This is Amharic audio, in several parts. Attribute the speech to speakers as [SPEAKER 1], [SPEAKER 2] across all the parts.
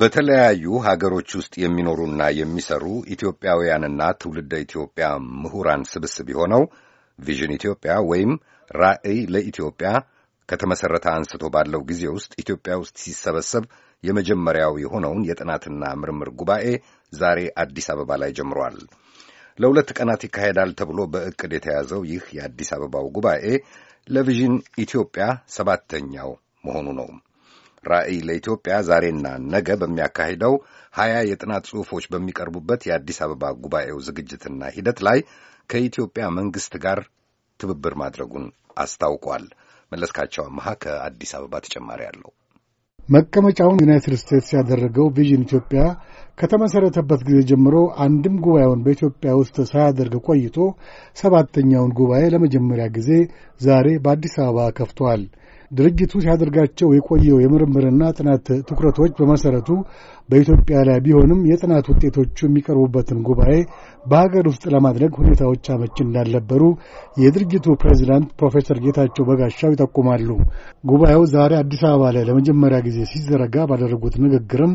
[SPEAKER 1] በተለያዩ ሀገሮች ውስጥ የሚኖሩና የሚሰሩ ኢትዮጵያውያንና ትውልደ ኢትዮጵያ ምሁራን ስብስብ የሆነው ቪዥን ኢትዮጵያ ወይም ራዕይ ለኢትዮጵያ ከተመሠረተ አንስቶ ባለው ጊዜ ውስጥ ኢትዮጵያ ውስጥ ሲሰበሰብ የመጀመሪያው የሆነውን የጥናትና ምርምር ጉባኤ ዛሬ አዲስ አበባ ላይ ጀምሯል። ለሁለት ቀናት ይካሄዳል ተብሎ በእቅድ የተያዘው ይህ የአዲስ አበባው ጉባኤ ለቪዥን ኢትዮጵያ ሰባተኛው መሆኑ ነው። ራዕይ ለኢትዮጵያ ዛሬና ነገ በሚያካሂደው ሀያ የጥናት ጽሑፎች በሚቀርቡበት የአዲስ አበባ ጉባኤው ዝግጅትና ሂደት ላይ ከኢትዮጵያ መንግሥት ጋር ትብብር ማድረጉን አስታውቋል። መለስካቸው አመሃ ከአዲስ አበባ ተጨማሪ አለው።
[SPEAKER 2] መቀመጫውን ዩናይትድ ስቴትስ ያደረገው ቪዥን ኢትዮጵያ ከተመሠረተበት ጊዜ ጀምሮ አንድም ጉባኤውን በኢትዮጵያ ውስጥ ሳያደርግ ቆይቶ ሰባተኛውን ጉባኤ ለመጀመሪያ ጊዜ ዛሬ በአዲስ አበባ ከፍቷል። ድርጅቱ ሲያደርጋቸው የቆየው የምርምርና ጥናት ትኩረቶች በመሰረቱ በኢትዮጵያ ላይ ቢሆንም የጥናት ውጤቶቹ የሚቀርቡበትን ጉባኤ በሀገር ውስጥ ለማድረግ ሁኔታዎች አመች እንዳልነበሩ የድርጅቱ ፕሬዚዳንት ፕሮፌሰር ጌታቸው በጋሻው ይጠቁማሉ። ጉባኤው ዛሬ አዲስ አበባ ላይ ለመጀመሪያ ጊዜ ሲዘረጋ ባደረጉት ንግግርም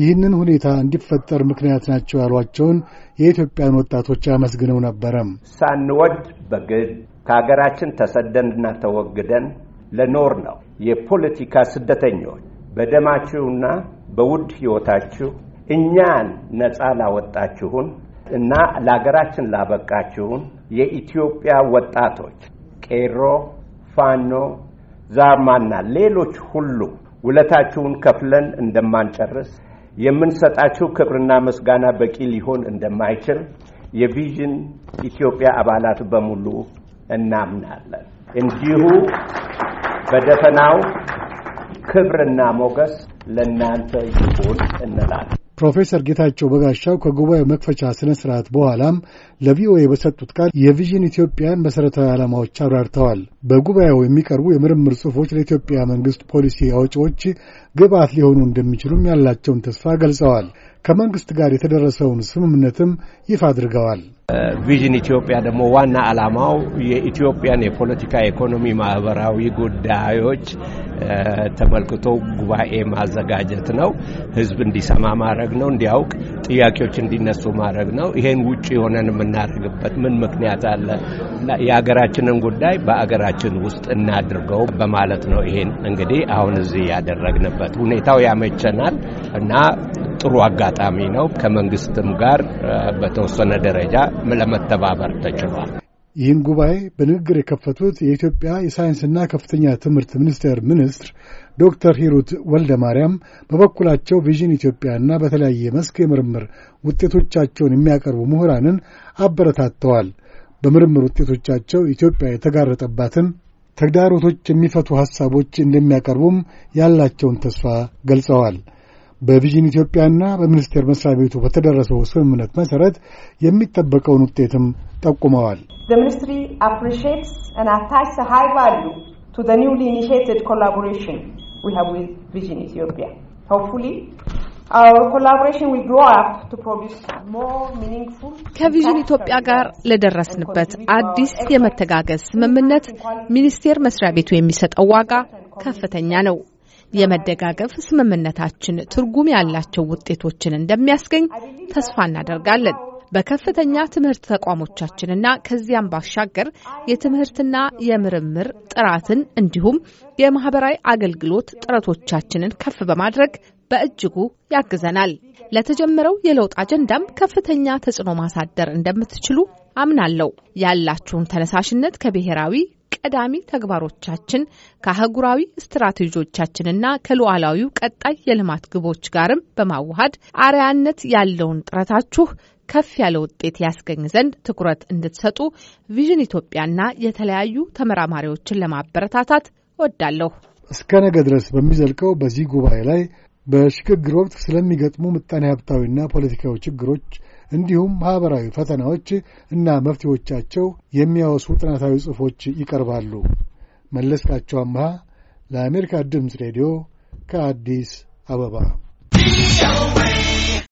[SPEAKER 2] ይህንን ሁኔታ እንዲፈጠር ምክንያት ናቸው ያሏቸውን የኢትዮጵያን ወጣቶች አመስግነው ነበረም።
[SPEAKER 3] ሳንወድ በግድ ከሀገራችን ተሰደንና ተወግደን ለኖር ነው። የፖለቲካ ስደተኞች በደማችሁና በውድ ሕይወታችሁ እኛን ነፃ ላወጣችሁን እና ለሀገራችን ላበቃችሁን የኢትዮጵያ ወጣቶች ቄሮ፣ ፋኖ፣ ዛማና ሌሎች ሁሉ ውለታችሁን ከፍለን እንደማንጨርስ የምንሰጣችሁ ክብርና ምስጋና በቂ ሊሆን እንደማይችል የቪዥን ኢትዮጵያ አባላት በሙሉ እናምናለን። እንዲሁ በደፈናው ክብርና ሞገስ ለእናንተ ይሁን እንላለን።
[SPEAKER 2] ፕሮፌሰር ጌታቸው በጋሻው ከጉባኤው መክፈቻ ስነ ስርዓት በኋላም ለቪኦኤ በሰጡት ቃል የቪዥን ኢትዮጵያን መሠረታዊ ዓላማዎች አብራርተዋል። በጉባኤው የሚቀርቡ የምርምር ጽሑፎች ለኢትዮጵያ መንግሥት ፖሊሲ አውጪዎች ግብዓት ሊሆኑ እንደሚችሉም ያላቸውን ተስፋ ገልጸዋል። ከመንግሥት ጋር የተደረሰውን ስምምነትም ይፋ አድርገዋል።
[SPEAKER 3] ቪዥን ኢትዮጵያ ደግሞ ዋና ዓላማው የኢትዮጵያን የፖለቲካ ኢኮኖሚ፣ ማህበራዊ ጉዳዮች ተመልክቶ ጉባኤ ማዘጋጀት ነው። ህዝብ እንዲሰማ ማድረግ ነው፣ እንዲያውቅ፣ ጥያቄዎች እንዲነሱ ማድረግ ነው። ይሄን ውጭ የሆነን የምናደርግበት ምን ምክንያት አለ? የሀገራችንን ጉዳይ በአገራችን ውስጥ እናድርገው በማለት ነው። ይሄን እንግዲህ አሁን እዚህ ያደረግንበት ሁኔታው ያመቸናል እና ጥሩ አጋጣሚ ነው። ከመንግስትም ጋር በተወሰነ ደረጃ ለመተባበር ተችሏል።
[SPEAKER 2] ይህን ጉባኤ በንግግር የከፈቱት የኢትዮጵያ የሳይንስና ከፍተኛ ትምህርት ሚኒስቴር ሚኒስትር ዶክተር ሂሩት ወልደ ማርያም በበኩላቸው ቪዥን ኢትዮጵያና በተለያየ መስክ የምርምር ውጤቶቻቸውን የሚያቀርቡ ምሁራንን አበረታተዋል። በምርምር ውጤቶቻቸው ኢትዮጵያ የተጋረጠባትን ተግዳሮቶች የሚፈቱ ሐሳቦች እንደሚያቀርቡም ያላቸውን ተስፋ ገልጸዋል። በቪዥን ኢትዮጵያና በሚኒስቴር መስሪያ ቤቱ በተደረሰው ስምምነት መሰረት የሚጠበቀውን ውጤትም ጠቁመዋል።
[SPEAKER 4] ከቪዥን ኢትዮጵያ ጋር ለደረስንበት አዲስ የመተጋገዝ ስምምነት ሚኒስቴር መስሪያ ቤቱ የሚሰጠው ዋጋ ከፍተኛ ነው። የመደጋገፍ ስምምነታችን ትርጉም ያላቸው ውጤቶችን እንደሚያስገኝ ተስፋ እናደርጋለን። በከፍተኛ ትምህርት ተቋሞቻችንና ከዚያም ባሻገር የትምህርትና የምርምር ጥራትን እንዲሁም የማህበራዊ አገልግሎት ጥረቶቻችንን ከፍ በማድረግ በእጅጉ ያግዘናል። ለተጀመረው የለውጥ አጀንዳም ከፍተኛ ተጽዕኖ ማሳደር እንደምትችሉ አምናለሁ። ያላችሁን ተነሳሽነት ከብሔራዊ ቀዳሚ ተግባሮቻችን ከአህጉራዊ ስትራቴጂዎቻችንና ከሉዓላዊው ቀጣይ የልማት ግቦች ጋርም በማዋሃድ አርያነት ያለውን ጥረታችሁ ከፍ ያለ ውጤት ያስገኝ ዘንድ ትኩረት እንድትሰጡ ቪዥን ኢትዮጵያና የተለያዩ ተመራማሪዎችን ለማበረታታት እወዳለሁ።
[SPEAKER 2] እስከ ነገ ድረስ በሚዘልቀው በዚህ ጉባኤ ላይ በሽግግር ወቅት ስለሚገጥሙ ምጣኔ ሀብታዊና ፖለቲካዊ ችግሮች እንዲሁም ማኅበራዊ ፈተናዎች እና መፍትሄዎቻቸው የሚያወሱ ጥናታዊ ጽሑፎች ይቀርባሉ። መለስካቸው አምሃ ለአሜሪካ ድምፅ ሬዲዮ ከአዲስ አበባ